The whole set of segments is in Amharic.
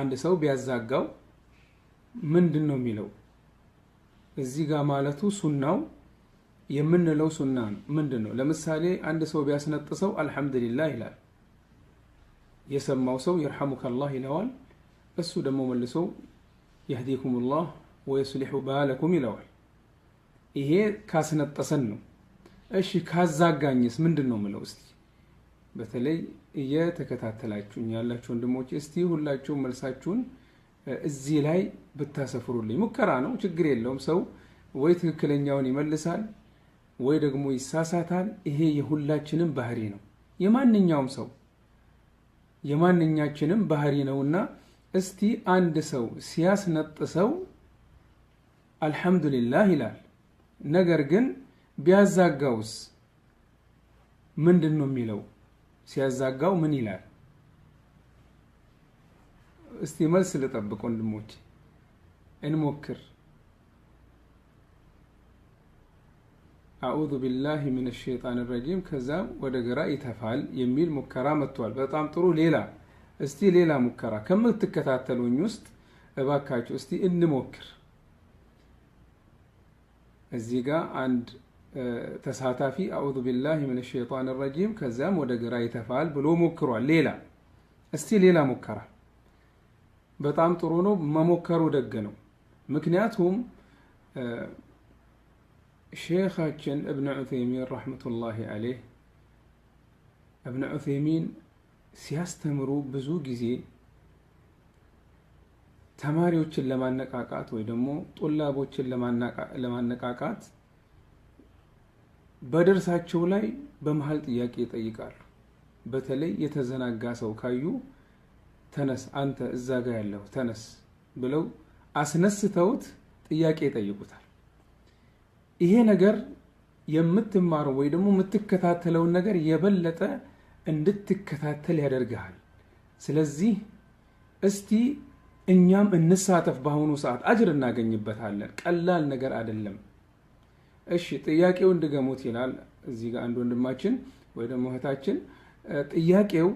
አንድ ሰው ቢያዛጋው ምንድን ነው የሚለው? እዚህ ጋር ማለቱ ሱናው የምንለው ሱና ምንድን ነው? ለምሳሌ አንድ ሰው ቢያስነጥሰው አልሐምዱሊላህ ይላል። የሰማው ሰው የርሐሙከላህ ይለዋል። እሱ ደግሞ መልሶ የህዲኩሙላህ ወየስሊሑ ባለኩም ይለዋል። ይሄ ካስነጠሰን ነው። እሺ ካዛጋኝስ ምንድን ነው ምለው እስቲ በተለይ እየተከታተላችሁኝ ያላችሁ ወንድሞች እስቲ ሁላችሁ መልሳችሁን እዚህ ላይ ብታሰፍሩልኝ። ሙከራ ነው፣ ችግር የለውም። ሰው ወይ ትክክለኛውን ይመልሳል ወይ ደግሞ ይሳሳታል። ይሄ የሁላችንም ባህሪ ነው፣ የማንኛውም ሰው የማንኛችንም ባህሪ ነውና እስቲ አንድ ሰው ሲያስነጥሰው አልሐምዱሊላህ ይላል። ነገር ግን ቢያዛጋውስ ምንድን ነው የሚለው? ሲያዛጋው ምን ይላል? እስቲ መልስ ልጠብቅ ወንድሞች፣ እንሞክር። አዑዙ ቢላሂ ምን ሸይጣን ረጂም፣ ከዛም ወደ ግራ ይተፋል የሚል ሙከራ መጥቷል። በጣም ጥሩ። ሌላ እስቲ ሌላ ሙከራ ከምትከታተሉኝ ውስጥ እባካችሁ እስቲ እንሞክር። እዚህ ጋር አንድ ተሳታፊ አዑዙ ቢላሂ ምን ሸይጣን ረጂም ከዚያም ወደ ግራ ይተፋል ብሎ ሞክሯል። ሌላ እስቲ ሌላ ሞከራ በጣም ጥሩ ነው፣ መሞከሩ ደግ ነው። ምክንያቱም ሼኻችን እብን ዑቴሚን ረሕመቱላሂ አለይህ እብን ዑቴሚን ሲያስተምሩ ብዙ ጊዜ ተማሪዎችን ለማነቃቃት ወይ ደግሞ ጡላቦችን ለማነቃቃት በደርሳቸው ላይ በመሀል ጥያቄ ይጠይቃሉ። በተለይ የተዘናጋ ሰው ካዩ ተነስ አንተ እዛ ጋ ያለው ተነስ ብለው አስነስተውት ጥያቄ ይጠይቁታል። ይሄ ነገር የምትማረው ወይ ደግሞ የምትከታተለውን ነገር የበለጠ እንድትከታተል ያደርግሃል። ስለዚህ እስቲ እኛም እንሳተፍ፣ በአሁኑ ሰዓት አጅር እናገኝበታለን። ቀላል ነገር አይደለም። እሺ ጥያቄው እንድገሙት ይላል እዚህ ጋር አንድ ወንድማችን ወይ ደግሞ እህታችን። ጥያቄው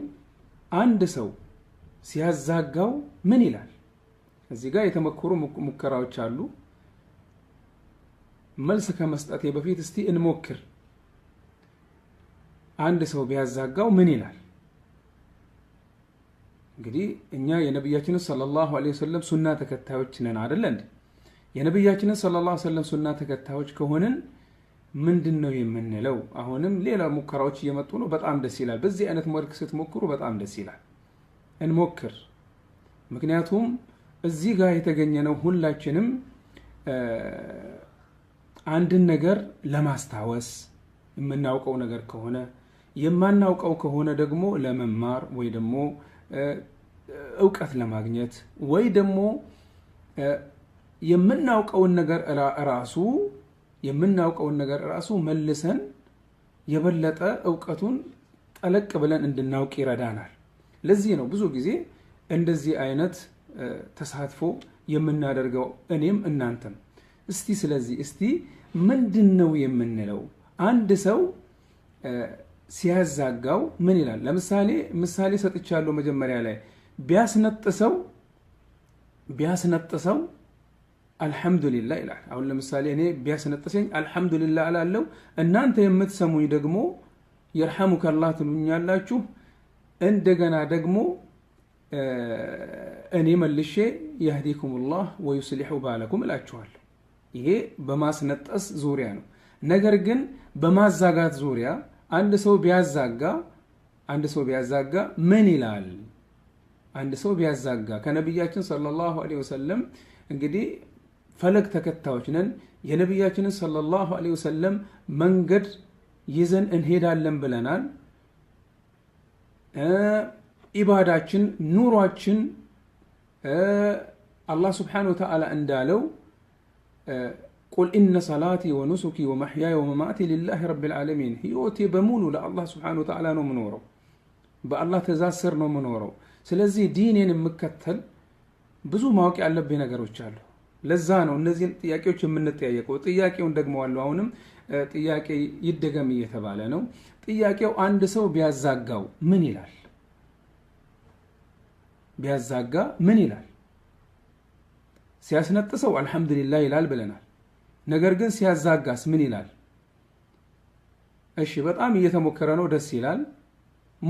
አንድ ሰው ሲያዛጋው ምን ይላል? እዚህ ጋር የተመከሩ ሙከራዎች አሉ። መልስ ከመስጠቴ በፊት እስቲ እንሞክር። አንድ ሰው ቢያዛጋው ምን ይላል? እንግዲህ እኛ የነቢያችን ሰለላሁ ዐለይሂ ወሰለም ሱና ተከታዮች ነን አይደለ እንዴ? የነቢያችንን ሰለላሁ ዐለይሂ ወሰለም ሱና ተከታዮች ከሆንን ምንድን ነው የምንለው? አሁንም ሌላ ሙከራዎች እየመጡ ነው። በጣም ደስ ይላል። በዚህ አይነት መልክ ስትሞክሩ በጣም ደስ ይላል። እንሞክር። ምክንያቱም እዚህ ጋር የተገኘነው ሁላችንም አንድን ነገር ለማስታወስ የምናውቀው ነገር ከሆነ የማናውቀው ከሆነ ደግሞ ለመማር ወይ ደግሞ እውቀት ለማግኘት ወይ ደግሞ የምናውቀውን ነገር ራሱ የምናውቀውን ነገር ራሱ መልሰን የበለጠ እውቀቱን ጠለቅ ብለን እንድናውቅ ይረዳናል። ለዚህ ነው ብዙ ጊዜ እንደዚህ አይነት ተሳትፎ የምናደርገው እኔም እናንተም። እስቲ ስለዚህ እስቲ ምንድን ነው የምንለው? አንድ ሰው ሲያዛጋው ምን ይላል? ለምሳሌ ምሳሌ ሰጥቻለሁ መጀመሪያ ላይ ቢያስነጥሰው ቢያስነጥሰው አልሐምዱሊላ ይላል። አሁን ለምሳሌ እኔ ቢያስነጥሰኝ አልሐምዱሊላህ እላለሁ። እናንተ የምትሰሙኝ ደግሞ የርሐሙከ አላህ ትሉኛላችሁ። እንደገና ደግሞ እኔ መልሼ የህዲኩም ላህ ወዩስሊሑ ባለኩም እላችኋለሁ። ይሄ በማስነጠስ ዙሪያ ነው። ነገር ግን በማዛጋት ዙሪያ አንድ ሰው ቢያዛጋ አንድ ሰው ቢያዛጋ ምን ይላል? አንድ ሰው ቢያዛጋ ከነቢያችን ሰለላሁ ዐለይሂ ወሰለም እንግዲህ ፈለግ ተከታዮች ነን የነቢያችንን ሰለላሁ ዐለይሂ ወሰለም መንገድ ይዘን እንሄዳለን ብለናል። ኢባዳችን፣ ኑሯችን አላህ ስብሓነሁ ወተዓላ እንዳለው ቁል ኢነ ሰላቲ ወኑሱኪ ወመሕያየ ወመማእቲ ሊላሂ ረቢል ዓለሚን ህይወቴ በሙሉ ለአላህ ስብሓነሁ ወተዓላ ነው የምኖረው። በአላህ ትእዛዝ ስር ነው የምኖረው። ስለዚህ ዲኔን የምከተል ብዙ ማወቅ ያለብኝ ነገሮች አሉ። ለዛ ነው እነዚህን ጥያቄዎች የምንጠያየቀው። ጥያቄውን ደግመዋለሁ። አሁንም ጥያቄ ይደገም እየተባለ ነው። ጥያቄው አንድ ሰው ቢያዛጋው ምን ይላል? ቢያዛጋ ምን ይላል? ሲያስነጥሰው አልሐምዱሊላህ ይላል ብለናል። ነገር ግን ሲያዛጋስ ምን ይላል? እሺ፣ በጣም እየተሞከረ ነው። ደስ ይላል።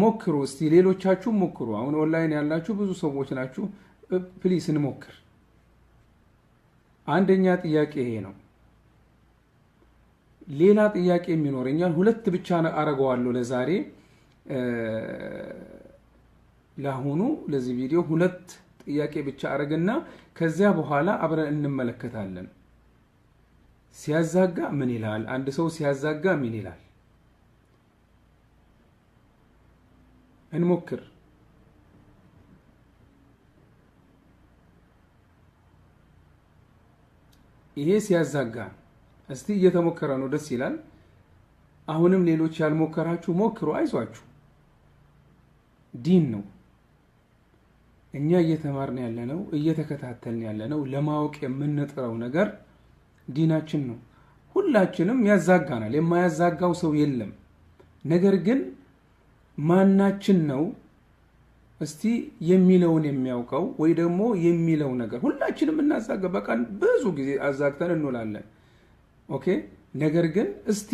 ሞክሩ እስቲ፣ ሌሎቻችሁ ሞክሩ። አሁን ኦንላይን ያላችሁ ብዙ ሰዎች ናችሁ። ፕሊስ እንሞክር። አንደኛ ጥያቄ ይሄ ነው። ሌላ ጥያቄ የሚኖረኛል ሁለት ብቻ አረገዋለሁ ለዛሬ ለአሁኑ ለዚህ ቪዲዮ ሁለት ጥያቄ ብቻ አረግና ከዚያ በኋላ አብረን እንመለከታለን። ሲያዛጋ ምን ይላል? አንድ ሰው ሲያዛጋ ምን ይላል? እንሞክር። ይሄ ሲያዛጋ እስቲ እየተሞከረ ነው፣ ደስ ይላል። አሁንም ሌሎች ያልሞከራችሁ ሞክሩ፣ አይዟችሁ። ዲን ነው። እኛ እየተማርን ያለነው እየተከታተልን ያለነው ለማወቅ የምንጥረው ነገር ዲናችን ነው። ሁላችንም ያዛጋናል፣ የማያዛጋው ሰው የለም። ነገር ግን ማናችን ነው እስቲ የሚለውን የሚያውቀው ወይ ደግሞ የሚለው ነገር ሁላችንም እናዛገ በቃል ብዙ ጊዜ አዛግተን እንውላለን። ኦኬ ነገር ግን እስቲ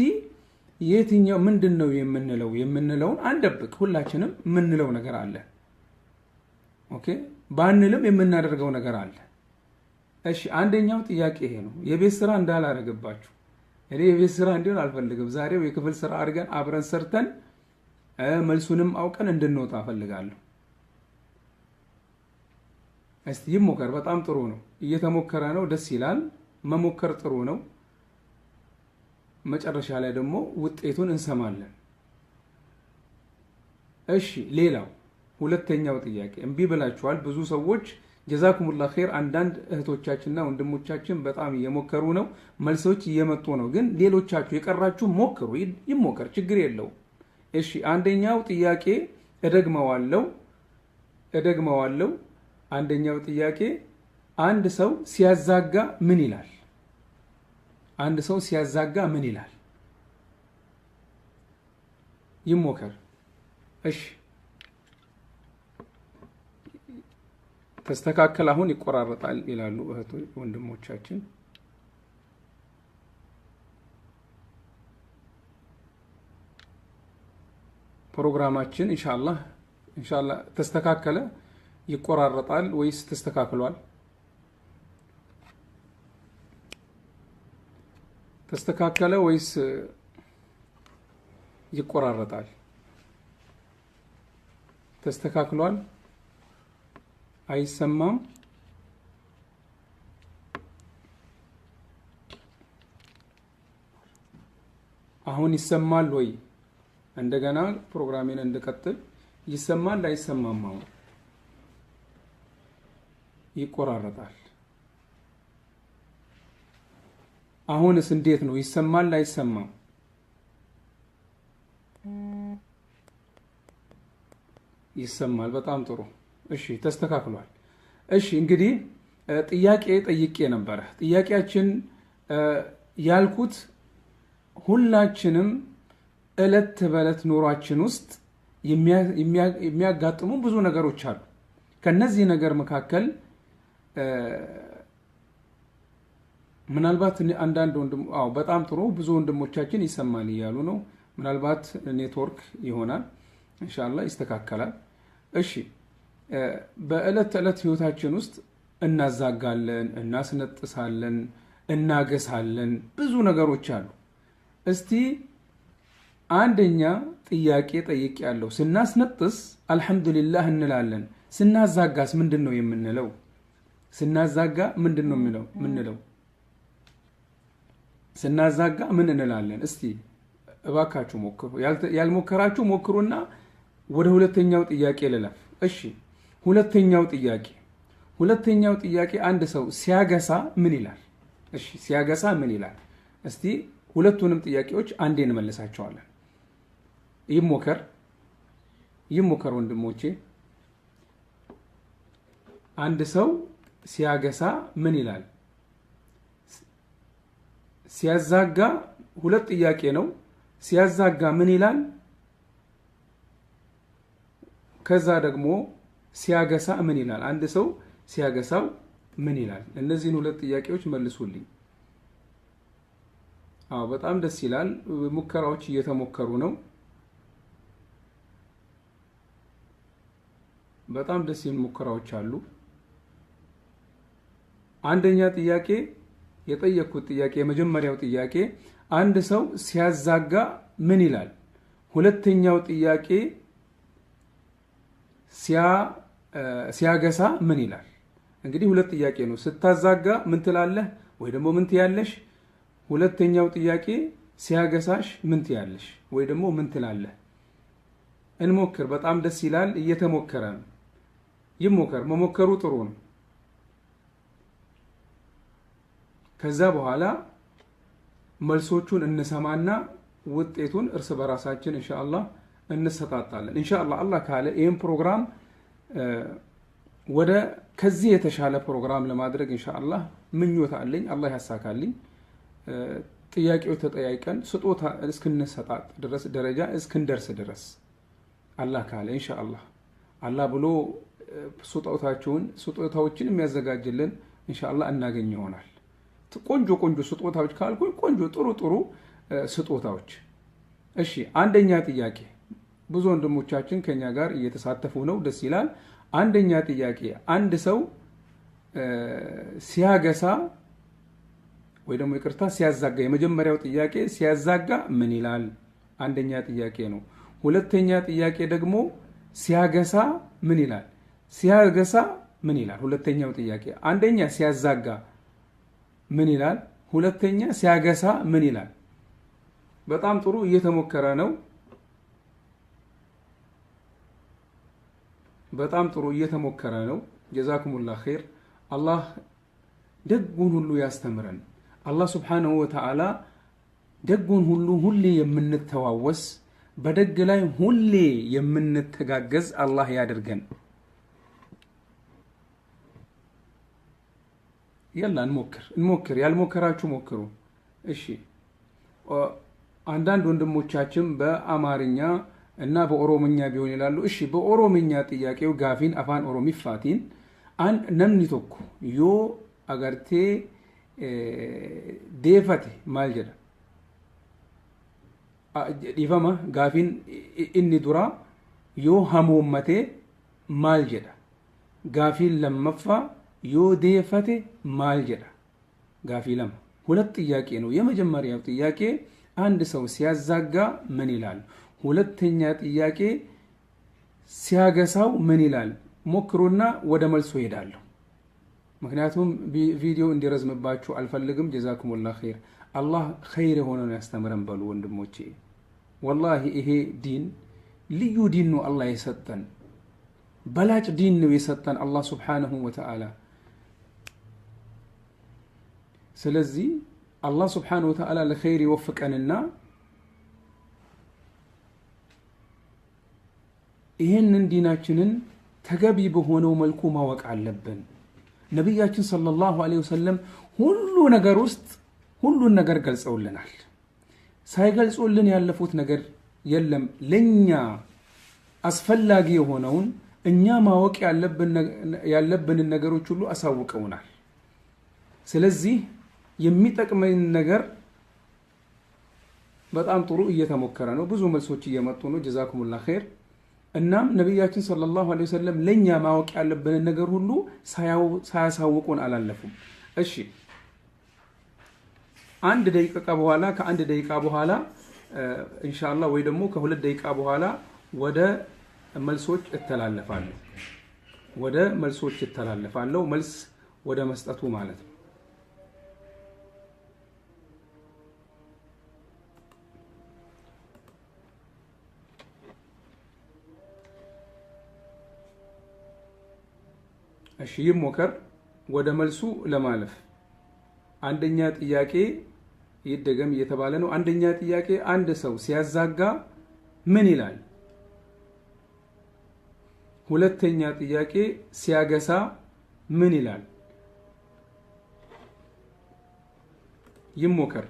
የትኛው ምንድን ነው የምንለው የምንለውን አንደብቅ። ሁላችንም የምንለው ነገር አለ። ኦኬ ባንልም የምናደርገው ነገር አለ። እሺ አንደኛው ጥያቄ ይሄ ነው። የቤት ስራ እንዳላረግባችሁ እኔ የቤት ስራ እንዲሆን አልፈልግም። ዛሬው የክፍል ስራ አድርገን አብረን ሰርተን መልሱንም አውቀን እንድንወጣ እፈልጋለሁ። እስቲ ይሞከር። በጣም ጥሩ ነው። እየተሞከረ ነው። ደስ ይላል። መሞከር ጥሩ ነው። መጨረሻ ላይ ደግሞ ውጤቱን እንሰማለን። እሺ፣ ሌላው ሁለተኛው ጥያቄ እምቢ ብላችኋል። ብዙ ሰዎች ጀዛኩሙላ ኸይር። አንዳንድ እህቶቻችንና ወንድሞቻችን በጣም እየሞከሩ ነው፣ መልሶች እየመጡ ነው። ግን ሌሎቻችሁ የቀራችሁ ሞክሩ፣ ይሞከር፣ ችግር የለውም። እሺ፣ አንደኛው ጥያቄ እደግመዋለሁ፣ እደግመዋለሁ አንደኛው ጥያቄ አንድ ሰው ሲያዛጋ ምን ይላል? አንድ ሰው ሲያዛጋ ምን ይላል? ይሞከር። እሺ ተስተካከል። አሁን ይቆራረጣል ይላሉ እህቶ ወንድሞቻችን። ፕሮግራማችን ኢንሻአላህ ኢንሻአላህ ተስተካከለ። ይቆራረጣል ወይስ ተስተካክሏል? ተስተካከለ ወይስ ይቆራረጣል? ተስተካክሏል? አይሰማም? አሁን ይሰማል ወይ? እንደገና ፕሮግራሜን እንድቀጥል ይሰማል አይሰማም? አሁን ይቆራረጣል። አሁንስ እንዴት ነው? ይሰማል አይሰማም? ይሰማል። በጣም ጥሩ። እሺ ተስተካክሏል። እሺ እንግዲህ ጥያቄ ጠይቄ ነበረ። ጥያቄያችን ያልኩት ሁላችንም እለት በእለት ኑሯችን ውስጥ የሚያጋጥሙ ብዙ ነገሮች አሉ። ከነዚህ ነገር መካከል ምናልባት አንዳንድ ወንድም አዎ፣ በጣም ጥሩ ብዙ ወንድሞቻችን ይሰማል እያሉ ነው። ምናልባት ኔትወርክ ይሆናል። እንሻላ ይስተካከላል። እሺ፣ በዕለት ተዕለት ህይወታችን ውስጥ እናዛጋለን፣ እናስነጥሳለን፣ እናገሳለን ብዙ ነገሮች አሉ። እስቲ አንደኛ ጥያቄ ጠይቅ ያለው ስናስነጥስ አልሐምዱሊላህ እንላለን። ስናዛጋስ ምንድን ነው የምንለው? ስናዛጋ ምንድን ነው የሚለው ምንለው? ስናዛጋ ምን እንላለን? እስቲ እባካችሁ ሞክሩ። ያልሞከራችሁ ሞክሩና ወደ ሁለተኛው ጥያቄ ልለፍ። እሺ፣ ሁለተኛው ጥያቄ ሁለተኛው ጥያቄ አንድ ሰው ሲያገሳ ምን ይላል? እሺ፣ ሲያገሳ ምን ይላል? እስቲ ሁለቱንም ጥያቄዎች አንዴ እንመልሳቸዋለን። ይሞከር ይሞከር ወንድሞቼ አንድ ሰው ሲያገሳ ምን ይላል? ሲያዛጋ ሁለት ጥያቄ ነው። ሲያዛጋ ምን ይላል? ከዛ ደግሞ ሲያገሳ ምን ይላል? አንድ ሰው ሲያገሳው ምን ይላል? እነዚህን ሁለት ጥያቄዎች መልሱልኝ። አዎ በጣም ደስ ይላል። ሙከራዎች እየተሞከሩ ነው። በጣም ደስ የሚል ሙከራዎች አሉ። አንደኛ ጥያቄ የጠየቅኩት ጥያቄ የመጀመሪያው ጥያቄ አንድ ሰው ሲያዛጋ ምን ይላል? ሁለተኛው ጥያቄ ሲያገሳ ምን ይላል? እንግዲህ ሁለት ጥያቄ ነው። ስታዛጋ ምን ትላለህ ወይ ደግሞ ምን ትያለሽ? ሁለተኛው ጥያቄ ሲያገሳሽ ምን ትያለሽ ወይ ደግሞ ምን ትላለህ? እንሞክር። በጣም ደስ ይላል። እየተሞከረ ነው። ይሞከር። መሞከሩ ጥሩ ነው። ከዛ በኋላ መልሶቹን እንሰማና ውጤቱን እርስ በራሳችን እንሻላ እንሰጣጣለን። እንሻላ አላህ ካለ ይህም ፕሮግራም ወደ ከዚህ የተሻለ ፕሮግራም ለማድረግ እንሻላ ምኞት አለኝ። አላህ ያሳካልኝ። ጥያቄዎች ተጠያይቀን ስጦታ እስክንሰጣጥ ድረስ ደረጃ እስክንደርስ ድረስ አላህ ካለ እንሻአላ አላህ ብሎ ስጦታችሁን ስጦታዎችን የሚያዘጋጅልን እንሻአላ እናገኝ ይሆናል። ቆንጆ ቆንጆ ስጦታዎች ካልኩኝ ቆንጆ ጥሩ ጥሩ ስጦታዎች። እሺ አንደኛ ጥያቄ ብዙ ወንድሞቻችን ከኛ ጋር እየተሳተፉ ነው፣ ደስ ይላል። አንደኛ ጥያቄ አንድ ሰው ሲያገሳ ወይ ደግሞ ይቅርታ ሲያዛጋ፣ የመጀመሪያው ጥያቄ ሲያዛጋ ምን ይላል? አንደኛ ጥያቄ ነው። ሁለተኛ ጥያቄ ደግሞ ሲያገሳ ምን ይላል? ሲያገሳ ምን ይላል? ሁለተኛው ጥያቄ አንደኛ ሲያዛጋ ምን ይላል? ሁለተኛ ሲያገሳ ምን ይላል? በጣም ጥሩ እየተሞከረ ነው። በጣም ጥሩ እየተሞከረ ነው። ጀዛኩሙላ ኸይር። አላህ ደጉን ሁሉ ያስተምረን። አላህ ስብሓነሁ ወተዓላ ደጉን ሁሉ ሁሌ የምንተዋወስ በደግ ላይ ሁሌ የምንተጋገዝ አላህ ያድርገን። የላ እንሞክር እንሞክር። ያልሞከራችሁ ሞክሩ። እሺ አንዳንድ ወንድሞቻችን በአማርኛ እና በኦሮምኛ ቢሆን ይላሉ። እሺ በኦሮምኛ ጥያቄው ጋፊን አፋን ኦሮሚ ፋቲን ነምኒ ቶኮ ዮ አገርቴ ዴፈቴ ማል ጀዳ ዲፈማ ጋፊን ኢኒ ዱራ ዮ ሀሞመቴ ማል ጀዳ ጋፊን ለመፋ yoo deeffate maal jedha? Gaafii lama. ሁለት ጥያቄ ነው። የመጀመሪያው ጥያቄ አንድ ሰው ሲያዛጋ ምን ይላል? ሁለተኛ ጥያቄ ሲያገሳው ምን ይላል? ሞክሩና ወደ መልሶ ሄዳለሁ። ምክንያቱም ቪዲዮ እንዲረዝምባችሁ አልፈልግም። ጀዛኩሙላ ኸይር። አላህ ኸይር የሆነ ነው ያስተምረን። በሉ ወንድሞቼ፣ ወላሂ ይሄ ዲን ልዩ ዲን ነው አላህ የሰጠን፣ በላጭ ዲን ነው የሰጠን አላህ ሱብሓነሁ ወተዓላ ስለዚህ አላህ ስብሓን ወተዓላ ለኸይር ይወፍቀንና ይህንን ዲናችንን ተገቢ በሆነው መልኩ ማወቅ አለብን ነቢያችን ሰለላሁ ዐለይሂ ወሰለም ሁሉ ነገር ውስጥ ሁሉን ነገር ገልጸውልናል ሳይገልጹልን ያለፉት ነገር የለም ለእኛ አስፈላጊ የሆነውን እኛ ማወቅ ያለብንን ነገሮች ሁሉ አሳውቀውናል ስለዚህ የሚጠቅመኝ ነገር በጣም ጥሩ እየተሞከረ ነው። ብዙ መልሶች እየመጡ ነው። ጀዛኩሙላ ኸይር። እናም ነቢያችን ሰለላሁ ዐለይሂ ወሰለም ለእኛ ማወቅ ያለብንን ነገር ሁሉ ሳያሳውቁን አላለፉም። እሺ አንድ ደቂቃ በኋላ ከአንድ ደቂቃ በኋላ ኢንሻአላህ ወይ ደግሞ ከሁለት ደቂቃ በኋላ ወደ መልሶች እተላለፋለሁ ወደ መልሶች እተላለፋለሁ መልስ ወደ መስጠቱ ማለት ነው። እሺ ይሞከር። ወደ መልሱ ለማለፍ አንደኛ ጥያቄ ይደገም እየተባለ ነው። አንደኛ ጥያቄ አንድ ሰው ሲያዛጋ ምን ይላል? ሁለተኛ ጥያቄ ሲያገሳ ምን ይላል? ይሞከር።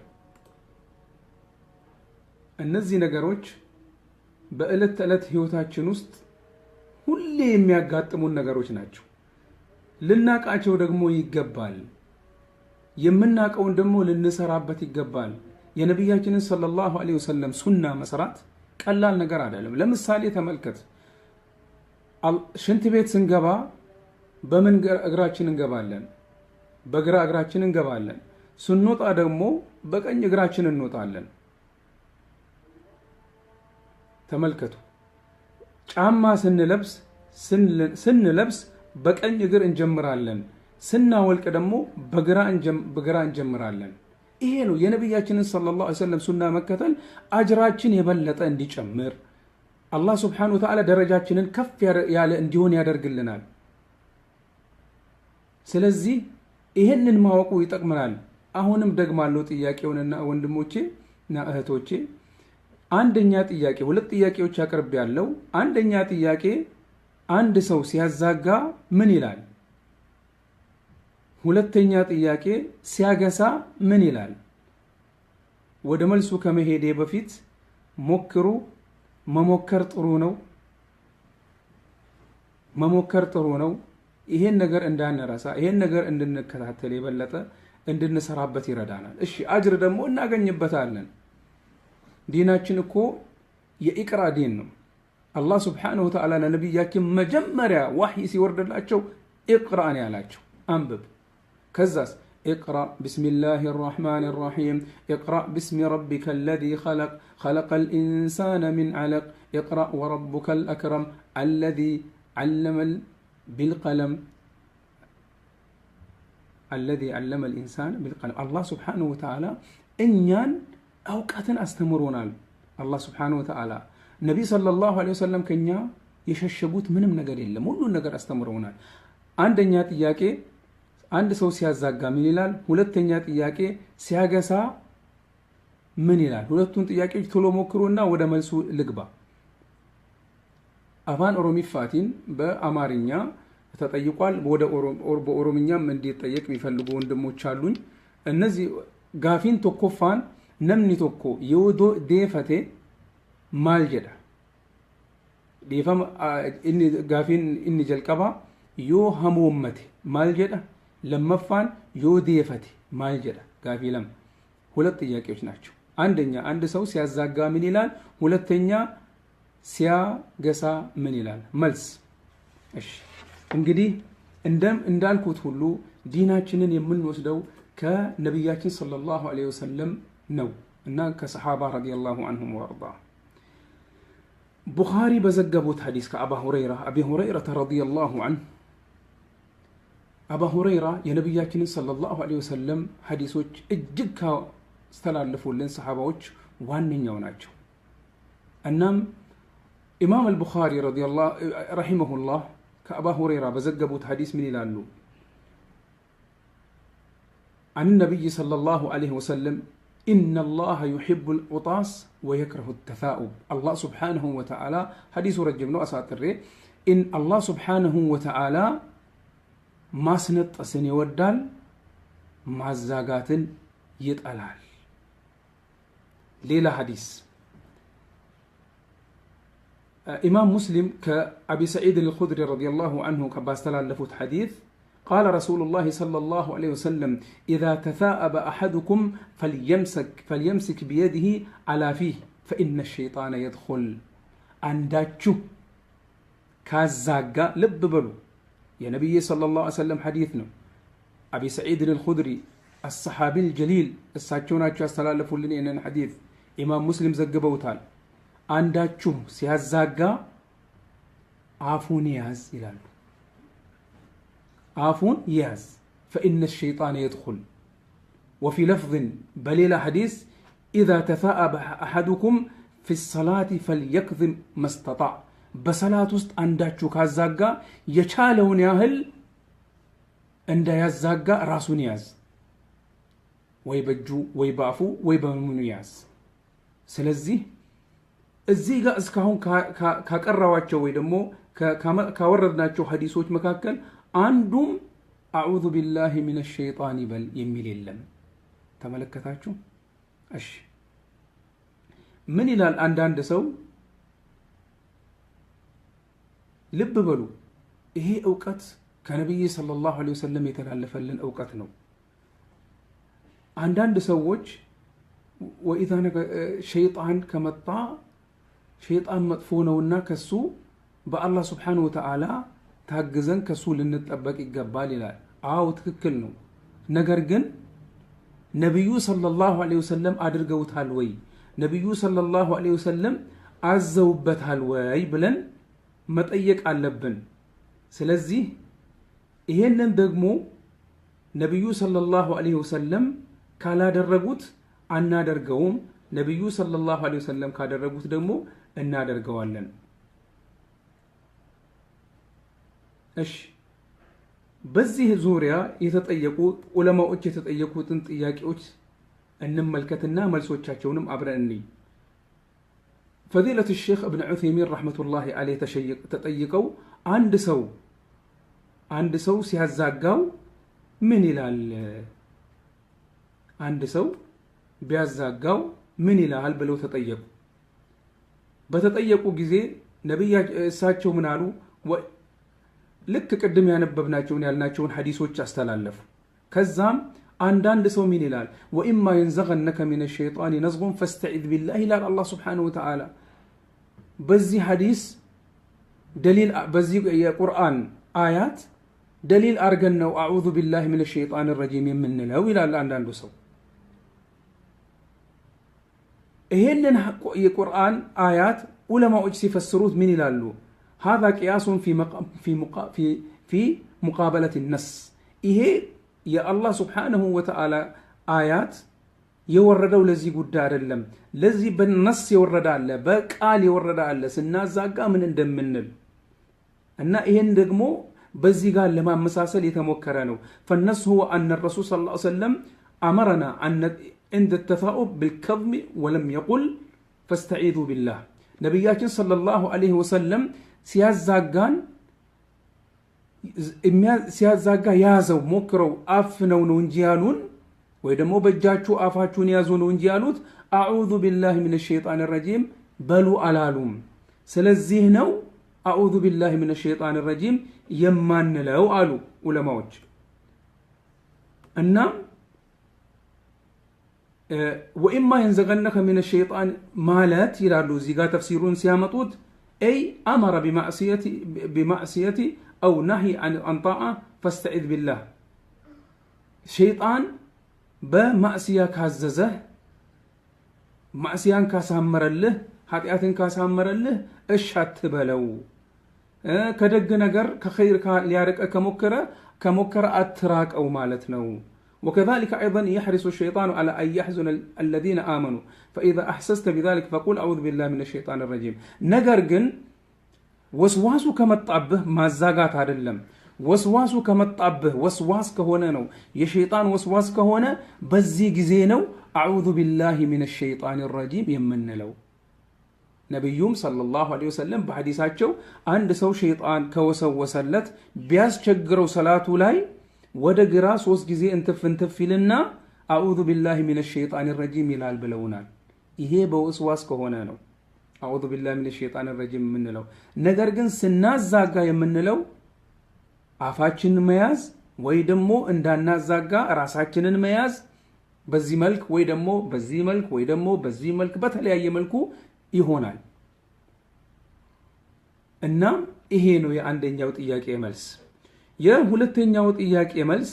እነዚህ ነገሮች በዕለት ተዕለት ሕይወታችን ውስጥ ሁሌ የሚያጋጥሙን ነገሮች ናቸው። ልናቃቸው ደግሞ ይገባል። የምናቀውን ደግሞ ልንሰራበት ይገባል። የነቢያችንን ሰለላሁ ዐለይሂ ወሰለም ሱና መስራት ቀላል ነገር አይደለም። ለምሳሌ ተመልከት፣ ሽንት ቤት ስንገባ በምን እግራችን እንገባለን? በግራ እግራችን እንገባለን። ስንወጣ ደግሞ በቀኝ እግራችን እንወጣለን። ተመልከቱ። ጫማ ስንለብስ ስንለብስ በቀኝ እግር እንጀምራለን፣ ስናወልቅ ደግሞ በግራ እንጀምራለን። ይሄ ነው የነቢያችንን ሰለላሁ ዐለይሂ ወሰለም ሱና መከተል አጅራችን የበለጠ እንዲጨምር አላህ ስብሓነሁ ወተዓላ ደረጃችንን ከፍ ያለ እንዲሆን ያደርግልናል። ስለዚህ ይህንን ማወቁ ይጠቅመናል። አሁንም ደግማለሁ ጥያቄውንና ወንድሞቼና እህቶቼ አንደኛ ጥያቄ ሁለት ጥያቄዎች አቅርብ ያለው አንደኛ ጥያቄ አንድ ሰው ሲያዛጋ ምን ይላል? ሁለተኛ ጥያቄ ሲያገሳ ምን ይላል? ወደ መልሱ ከመሄዴ በፊት ሞክሩ። መሞከር ጥሩ ነው። መሞከር ጥሩ ነው። ይሄን ነገር እንዳንረሳ፣ ይሄን ነገር እንድንከታተል የበለጠ እንድንሰራበት ይረዳናል። እሺ አጅር ደግሞ እናገኝበታለን። ዲናችን እኮ የኢቅራ ዲን ነው። الله سبحانه وتعالى نبي ተዓላ ለነቢያችን وحي سيورد الله اقرأ على ያላቸው أنبب كزاس اقرأ بسم الله الرحمن الرحيم اقرأ باسم ربك الذي خلق خلق الإنسان من علق اقرأ وربك الأكرم الذي علم بالقلم الذي علم الإنسان بالقلم الله سبحانه وتعالى إنيان أوقات أستمرون الله سبحانه وتعالى ነቢይ ሰለላሁ ዐለይሂ ወሰለም ከኛ የሸሸጉት ምንም ነገር የለም። ሁሉን ነገር አስተምረውናል። አንደኛ ጥያቄ አንድ ሰው ሲያዛጋ ምን ይላል? ሁለተኛ ጥያቄ ሲያገሳ ምን ይላል? ሁለቱን ጥያቄዎች ቶሎ ሞክሩና ወደ መልሱ ልግባ። አፋን ኦሮሚ ፋቲን በአማርኛ ተጠይቋል። በኦሮምኛም እንዲጠየቅ የሚፈልጉ ወንድሞች አሉኝ። እነዚህ ጋፊን ቶኮፋን ነምኒ ቶኮ የወዶ ዴፈቴ maal jedha dhiifama inni gaafiin inni jalqabaa yoo hamoommate maal jedha lammaffaan yoo deefate ማል ጀዳ ጋፊ ለም ሁለት ጥያቄዎች ናቸው። አንደኛ አንድ ሰው ሲያዛጋ ምን ይላል? ሁለተኛ ሲያገሳ ምን ይላል? መልስ። እሺ እንግዲህ እንደም እንዳልኩት ሁሉ ዲናችንን የምንወስደው ከነቢያችን ሰለላሁ ዐለይሂ ወሰለም ነው እና ከሰሓባ ረዲየላሁ አንሁም ወአርዳሁ ቡኻሪ በዘገቡት ሐዲስ ከአባ ሁረይራ አቢ ሁረይረተ ረዲየላሁ አንህ አባ ሁረይራ የነቢያችንን ሰለላሁ ዐለይሂ ወሰለም ሐዲሶች እጅግ ካስተላለፉልን ሰሓባዎች ዋነኛው ናቸው። እናም ኢማም አልቡኻሪ ረሒመሁላህ ከአባ ሁረይራ በዘገቡት ሐዲስ ምን ይላሉ? አን ነቢይ ሰለላሁ ዐለይሂ ወሰለም إن الله يحب القطاس ويكره التثاؤب الله سبحانه وتعالى حديث رجبنا أساتر إن الله سبحانه وتعالى ما سنت سن يودال ما زاغات يطلال ليلة حديث إمام مسلم كأبي سعيد الخدري رضي الله عنه كباستلال لفوت حديث قال رسول الله صلى الله عليه وسلم إذا تثاءب أحدكم فليمسك, فليمسك بيده على فيه فإن الشيطان يدخل أنداتشو كازاقا لببلو يا نبي صلى الله عليه وسلم حديثنا أبي سعيد الخدري الصحابي الجليل الساتشونا تشاستلا لفلني إن الحديث إمام مسلم زقبه وتال أنداتشو سيازاقا عفونياز إلى الله አፉን ይያዝ ፈኢነ ሸይጣን የድኹል ወፊ ለፍዝን በሌላ ሐዲስ ኢዛ ተሳአበ አሐዱኩም ፊ ሰላት ፈልየክዝም መስተጣ በሰላት ውስጥ አንዳችሁ ካዛጋ የቻለውን ያህል እንዳያዛጋ ራሱን ያዝ ወይ በእጁ ወይ በአፉ ወይ በምኑ ያዝ ስለዚህ እዚህ ጋር እስካሁን ካቀራዋቸው ወይ ደግሞ ካወረድናቸው ሀዲሶች መካከል أندم أعوذ بالله من الشيطان بل يميل اللم تملكتاتشو أش من إلى الآن دان دسو لب بلو إيه أوقات كنبي صلى الله عليه وسلم يتلال فلن أوقات نو عندان دسووش وإذا نك شيطان كمطاع شيطان مطفونه ونا كسو بأ الله سبحانه وتعالى ታግዘን ከሱ ልንጠበቅ ይገባል ይላል። አዎ ትክክል ነው። ነገር ግን ነቢዩ ሰለላሁ ዐለይሂ ወሰለም አድርገውታል ወይ ነቢዩ ሰለላሁ ዐለይሂ ወሰለም አዘውበታል ወይ ብለን መጠየቅ አለብን። ስለዚህ ይሄንን ደግሞ ነቢዩ ሰለላሁ ዐለይሂ ወሰለም ካላደረጉት አናደርገውም። ነቢዩ ሰለላሁ ዐለይሂ ወሰለም ካደረጉት ደግሞ እናደርገዋለን። እሺ በዚህ ዙሪያ የተጠየቁ ዑለማዎች የተጠየቁትን ጥያቄዎች እንመልከትና መልሶቻቸውንም አብረን እንይ። ፈዲለት ሼክ እብን ዑቴሚን ረሕመቱላሂ አለይህ ተጠይቀው አንድ ሰው አንድ ሰው ሲያዛጋው ምን ይላል? አንድ ሰው ቢያዛጋው ምን ይላል ብለው ተጠየቁ። በተጠየቁ ጊዜ ነቢያ እሳቸው ምን አሉ? ልክ ቅድም ያነበብናቸውን ያልናቸውን ሐዲሶች አስተላለፉ። ከዛም አንዳንድ ሰው ምን ይላል? ወኢማ የንዘገነከ ሚነ ሸይጣን ነዝጉን ፈስተዒዝ ቢላህ ይላል አላህ ስብሓነሁ ወተዓላ። በዚህ ሐዲስ ደሊል በዚህ የቁርአን አያት ደሊል አድርገን ነው አዑዙ ቢላህ ሚነ ሸይጣን ረጂም የምንለው ይላል አንዳንዱ ሰው። ይሄንን የቁርአን አያት ዑለማዎች ሲፈስሩት ምን ይላሉ? ሀዛ ቅያሱን ፊ ሙቃበለት ነስ ይሄ የአላህ ስብሓንሁ ወተዓላ አያት የወረደው ለዚህ ጉዳይ አይደለም። ለዚህ በነስ የወረደ አለ፣ በቃል የወረደ አለ። ስናዛጋ ምን እንደምንል እና ይሄን ደግሞ በዚህ ጋር ለማመሳሰል የተሞከረ ነው። ፈነስ ሁወ አነ ረሱል ስ ሰለም አመረና እንደ ተፋኡብ ብልከዝሚ ወለም የቁል ፈስተዒዙ ቢላህ ነቢያችን ሰለላሁ ዐለይሂ ወሰለም ሲያዛጋን ሲያዛጋ ያዘው ሞክረው አፍነው ነው እንጂ ያሉን ወይ ደግሞ በእጃችሁ አፋችሁን ያዙ ነው እንጂ ያሉት። አዑዙ ቢላሂ ምን ሸይጣን ረጂም በሉ አላሉም። ስለዚህ ነው አዑዙ ቢላሂ ምን ሸይጣን ረጂም የማንለው አሉ ዑለማዎች። እና ወኢማ የንዘገነከ ምን ሸይጣን ማለት ይላሉ እዚህ ጋር ተፍሲሩን ሲያመጡት أي أمر بمعصية بمعصية أو نهي عن عن طاعة فاستعذ بالله شيطان بمعصية كاززه معصية كاسامر له حتيات كاسامر له اشهد بلو اه، كدق نجر كخير كليارك كمكرة كمكرة أتراك أو مالت وكذلك أيضا يحرص الشيطان على أن يحزن الذين آمنوا فإذا أحسست بذلك فقول أعوذ بالله من الشيطان الرجيم نقر قن وسواسو كما الطابه ما الزاقات هذا وسواسو كما الطابه وسواس كهونا نو يا شيطان وسواس كهونا بزيق زينو أعوذ بالله من الشيطان الرجيم يمن لو يوم صلى الله عليه وسلم بحديثاته عند سو شيطان كوسو وسلت بياس شجر وسلاته لاي ወደ ግራ ሶስት ጊዜ እንትፍ እንትፍ ይልና አዑዙ ቢላሂ ሚነ ሸይጣን ረጂም ይላል ብለውናል። ይሄ በውስዋስ ከሆነ ነው አዑዙ ቢላሂ ሚነ ሸይጣን ረጂም የምንለው። ነገር ግን ስናዛጋ የምንለው አፋችን መያዝ ወይ ደግሞ እንዳናዛጋ ራሳችንን መያዝ በዚህ መልክ ወይ ደግሞ በዚህ መልክ ወይ ደግሞ በዚህ መልክ በተለያየ መልኩ ይሆናል። እናም ይሄ ነው የአንደኛው ጥያቄ መልስ። የሁለተኛው ጥያቄ መልስ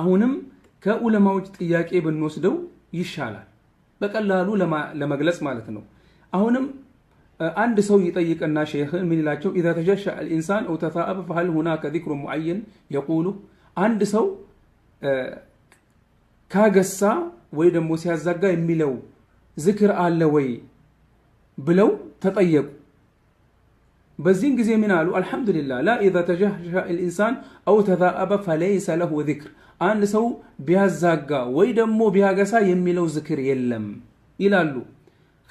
አሁንም ከዑለማዎች ጥያቄ ብንወስደው ይሻላል፣ በቀላሉ ለመግለጽ ማለት ነው። አሁንም አንድ ሰው ይጠይቅና ሼህ ምን ይላቸው? ኢዛ ተሸሻ አልኢንሳን ኦ ተታአበ ፈሀል ሁናከ ዚክሩ ሙዐየን የቁሉ አንድ ሰው ካገሳ ወይ ደግሞ ሲያዛጋ የሚለው ዝክር አለ ወይ ብለው ተጠየቁ። በዚህም ጊዜ ምን አሉ? አልሐምዱሊላህ ላ ኢዛ ተጃሻ ልኢንሳን አው ተዛአበ ፈለይሰ ለሁ ዚክር አንድ ሰው ቢያዛጋ ወይ ደግሞ ቢያገሳ የሚለው ዝክር የለም ይላሉ።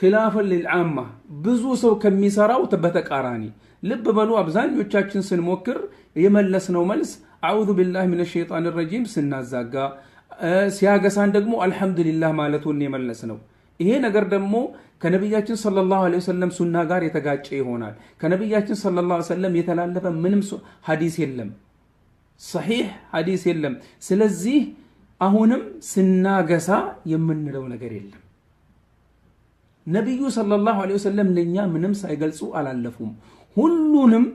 ኪላፍን ልልዓማ ብዙ ሰው ከሚሰራው በተቃራኒ ልብ በሉ። አብዛኞቻችን ስንሞክር የመለስነው መልስ አዑዙ ቢላህ ምን ሸይጣን ረጂም ስናዛጋ፣ ሲያገሳን ደግሞ አልሐምዱሊላህ ማለቱን የመለስ ይሄ ነገር ደግሞ ከነቢያችን ሰለላሁ ዐለይሂ ወሰለም ሱና ጋር የተጋጨ ይሆናል። ከነቢያችን ሰለላሁ ዐለይሂ ወሰለም የተላለፈ ምንም ሐዲስ የለም፣ ሰሒሕ ሐዲስ የለም። ስለዚህ አሁንም ስናገሳ የምንለው ነገር የለም። ነቢዩ ሰለላሁ ዐለይሂ ወሰለም ለእኛ ምንም ሳይገልጹ አላለፉም። ሁሉንም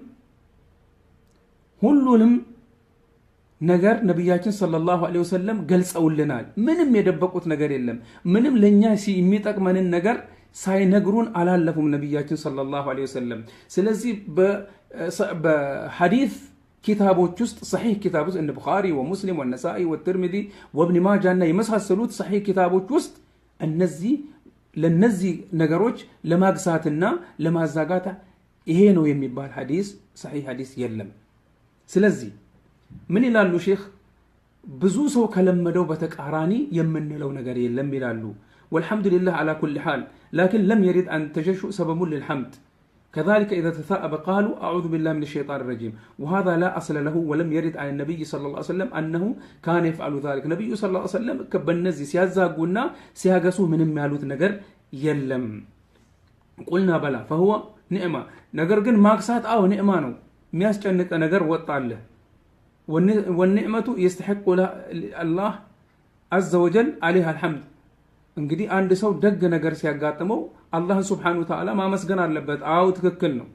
ሁሉንም ነገር ነቢያችን ሰለላሁ ዐለይሂ ወሰለም ገልጸውልናል። ምንም የደበቁት ነገር የለም። ምንም ለእኛ የሚጠቅመንን ነገር ሳይነግሩን አላለፉም ነቢያችን ሰለላሁ ዐለይሂ ወሰለም። ስለዚህ በሐዲስ ኪታቦች ውስጥ ሰሒህ ኪታብ ውስጥ እነ ቡኻሪ ወሙስሊም ወነሳኢ ወትርሚዚ ወብን ማጃና የመሳሰሉት ሰሒህ ኪታቦች ውስጥ እነዚህ ለነዚህ ነገሮች ለማግሳትና ለማዛጋት ይሄ ነው የሚባል ሐዲስ ሰሒህ ሐዲስ የለም። ስለዚህ ምን ይላሉ ሼክ ብዙ ሰው ከለመደው በተቃራኒ የምንለው ነገር የለም ይላሉ። والحمد لله على كل حال لكن لم يرد أن التجشؤ سبب للحمد كذلك إذا تثاءب قالوا أعوذ بالله من الشيطان الرجيم وهذا لا أصل له ولم يرد عن النبي صلى الله عليه وسلم أنه كان يفعل ذلك النبي صلى الله عليه وسلم كبنزي قلنا سيازا من المالوث نقر يلم قلنا بلى فهو نعمة نقر جن ماكسات أو آه، نعمة مياس جنك نقر وطاله والنعمة يستحق الله عز وجل عليها الحمد እንግዲህ አንድ ሰው ደግ ነገር ሲያጋጥመው አላህን ሱብሓነሁ ወተዓላ ማመስገን አለበት። አዎ ትክክል ነው።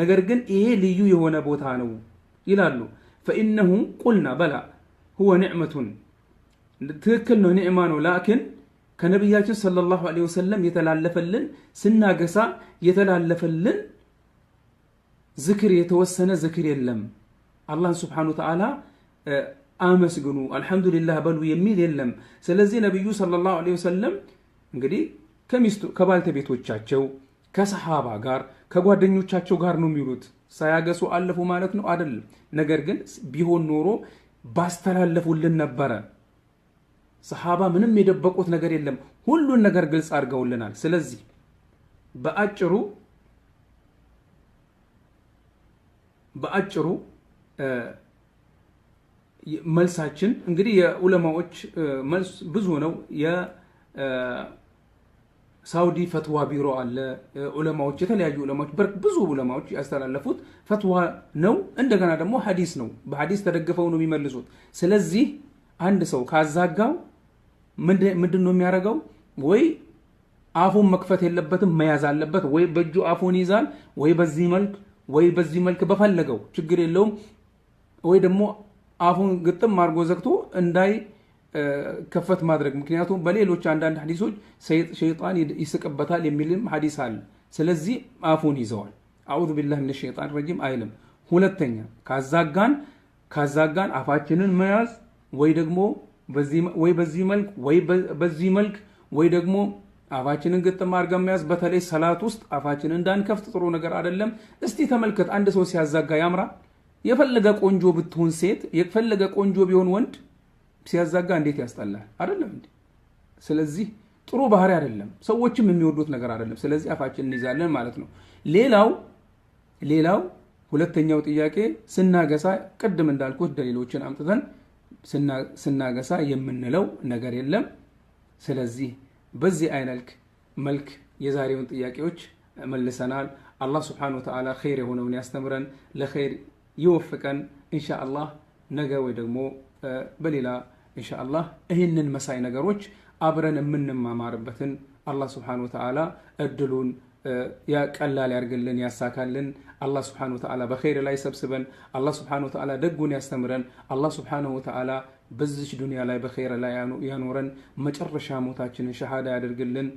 ነገር ግን ይሄ ልዩ የሆነ ቦታ ነው ይላሉ። ፈኢነሁ ቁልና በላ ሁወ ኒዕመቱን ትክክል ነው፣ ኒዕማ ነው። ላኪን ከነቢያችን ሰለላሁ ዐለይሂ ወሰለም የተላለፈልን ስናገሳ የተላለፈልን ዝክር የተወሰነ ዝክር የለም። አላህን ሱብሓነሁ ወተዓላ አመስግኑ አልሐምዱሊላህ በሉ የሚል የለም። ስለዚህ ነቢዩ ሰለላሁ ዐለይሂ ወሰለም እንግዲህ ከሚስቱ ከባልተቤቶቻቸው ከሰሃባ ጋር ከጓደኞቻቸው ጋር ነው የሚሉት። ሳያገሱ አለፉ ማለት ነው አይደለም። ነገር ግን ቢሆን ኖሮ ባስተላለፉልን ነበረ። ሰሃባ ምንም የደበቁት ነገር የለም። ሁሉን ነገር ግልጽ አድርገውልናል። ስለዚህ በአጭሩ በአጭሩ መልሳችን እንግዲህ የዑለማዎች መልስ ብዙ ነው። የሳውዲ ፈትዋ ቢሮ አለ። ዑለማዎች የተለያዩ ዑለማዎች ብዙ ዑለማዎች ያስተላለፉት ፈትዋ ነው። እንደገና ደግሞ ሀዲስ ነው። በሀዲስ ተደግፈው ነው የሚመልሱት። ስለዚህ አንድ ሰው ካዛጋው ምንድን ነው የሚያደርገው? ወይ አፉን መክፈት የለበትም መያዝ አለበት። ወይ በእጁ አፉን ይዛል፣ ወይ በዚህ መልክ ወይ በዚህ መልክ በፈለገው ችግር የለውም። ወይ ደግሞ አፉን ግጥም አድርጎ ዘግቶ እንዳይ ከፈት ማድረግ። ምክንያቱም በሌሎች አንዳንድ ሀዲሶች ሸይጣን ይስቅበታል የሚልም ሀዲስ አለ። ስለዚህ አፉን ይዘዋል። አዑዙ ቢላህ ምን ሸይጣን ረጂም አይልም። ሁለተኛ ካዛጋን ካዛጋን አፋችንን መያዝ ወይ ደግሞ ወይ በዚህ መልክ ወይ በዚህ መልክ ወይ ደግሞ አፋችንን ግጥም አድርገን መያዝ። በተለይ ሰላት ውስጥ አፋችንን እንዳንከፍት ጥሩ ነገር አይደለም። እስቲ ተመልከት፣ አንድ ሰው ሲያዛጋ ያምራል? የፈለገ ቆንጆ ብትሆን ሴት የፈለገ ቆንጆ ቢሆን ወንድ ሲያዛጋ እንዴት ያስጠላል አይደለም እንዴ? ስለዚህ ጥሩ ባህሪ አይደለም፣ ሰዎችም የሚወዱት ነገር አይደለም። ስለዚህ አፋችን እንይዛለን ማለት ነው። ሌላው ሌላው ሁለተኛው ጥያቄ ስናገሳ፣ ቅድም እንዳልኩት ደሌሎችን አምጥተን ስናገሳ የምንለው ነገር የለም። ስለዚህ በዚህ አይነልክ መልክ የዛሬውን ጥያቄዎች መልሰናል። አላህ ስብሓነሁ ወተዓላ ኸይር የሆነውን ያስተምረን ለኸይር ይወፍቀን ኢንሻ አላህ። ነገ ወይ ደግሞ በሌላ ኢንሻ ይህንን መሳይ ነገሮች አብረን የምንማማርበትን አላህ ስብሓነሁ ወተዓላ እድሉን ቀላል ያርግልን፣ ያሳካልን። አላህ ስብሓነሁ ወተዓላ በኸይር ላይ ሰብስበን፣ አላህ ስብሓነሁ ወተዓላ ደጉን ያስተምረን። አላህ ስብሓነሁ ወተዓላ በዚች ዱንያ ላይ በኸይር ላይ ያኖረን። መጨረሻ ሞታችንን ሸሃዳ ያደርግልን።